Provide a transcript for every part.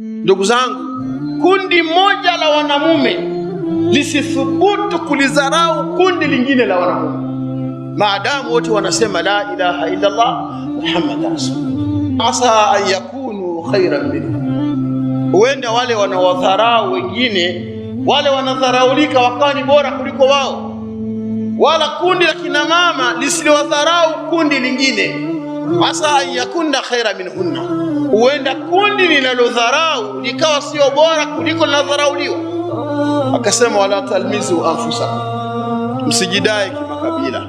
Ndugu zangu, kundi moja la wanamume lisithubutu kulidharau kundi lingine la wanamume, maadamu wote wanasema la ilaha illa Allah Muhammad rasulullah, asa an yakunu khairan minhum. Huenda wale wanawadharau wengine, wale wanadharaulika wakawa ni bora kuliko wao, wala kundi la kina mama lisiliwadharau kundi lingine, asa an yakuna khairan minhunna huenda kundi linalodharau likawa sio bora kuliko linadharauliwa. Akasema wala talmizu anfusa, msijidai kimakabila,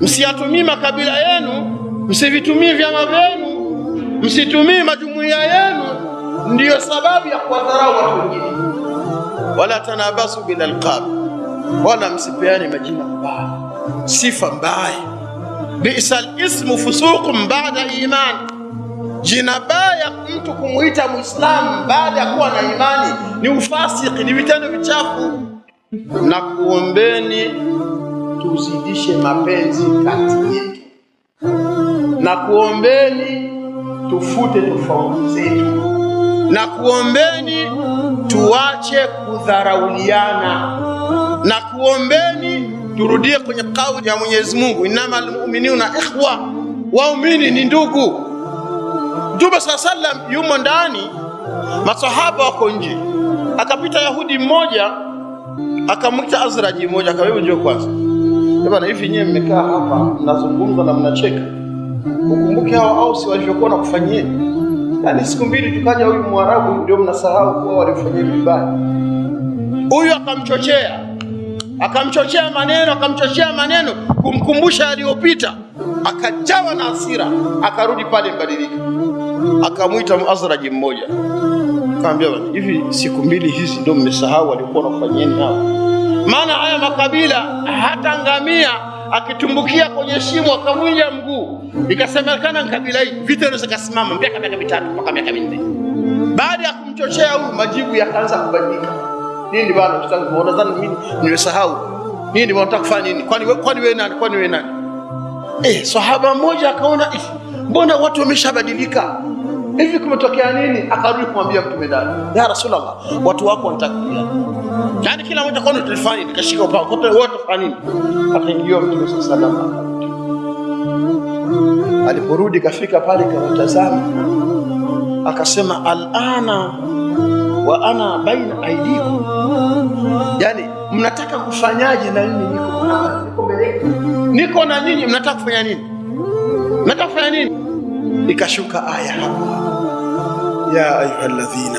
msiyatumii makabila yenu, msivitumii vyama vyenu, msitumii majumuiya yenu ndiyo sababu ya kuwadharau watu wengine. Wala tanabasu bil alqab, wala msipeane majina mbaya, sifa mbaya. Bisa lismu fusuqun ba'da iman Jina baya mtu kumwita Muislamu baada ya kuwa na imani ni ufasiki, ni vitendo vichafu. Na kuombeni tuzidishe mapenzi kati yetu, na kuombeni tufute tofauti zetu, na kuombeni tuache kudharauliana, na kuombeni turudie kwenye kauli ya Mwenyezi Mungu, innamal mu'minuna ikhwa, waumini ni ndugu. Mtume saa sallam yumo ndani, masahaba wako nje. Akapita Yahudi mmoja akamwita Azraji mmoja, akawebu njoo kwanza. Bwana, hivi nyewe mmekaa hapa mnazungumza na mnacheka, ukumbuke hao Ausi walivyokuwa nakufanyeni. Yaani siku mbili tukaja huyu Mwarabu, ndio mnasahau kuwa walifanyia vibaya. Huyu akamchochea akamchochea maneno akamchochea maneno kumkumbusha aliyopita, akajawa na hasira, akarudi pale mbadilika akamwita mazraji mmoja kaambia, hivi siku mbili hizi ndio mmesahau alikuwa anafanyeni hapo? Maana haya makabila hata ngamia akitumbukia kwenye shimo akavunja mguu, ikasemekana kabila hii vita inaweza kasimama mpaka miaka mitatu mpaka miaka minne. Baada ya kumchochea huyu, majibu yakaanza kubadilika. Nini bwana, zani mimi nimesahau nini, nataka kufanya nini? Kwani kwani wewe nani? Kwani wewe nani? Eh, sahaba mmoja akaona eh, mbona watu wameshabadilika hivi, kumetokea nini? Akarudi kumwambia Mtume dada, ya Rasulullah, watu wako wanatakia yani kila mmoja kwa telefoni, nikashika upanga wote wote fanya nini? Akaingia Mtume sallallahu alaihi wasallam, aliporudi kafika pale kamtazama, akasema alana wa ana baina aidikum, yani mnataka kufanyaje na nini? Niko niko na nini, mnataka kufanya nini? natafanya nini? Ikashuka aya hapa, ya ayuha alladhina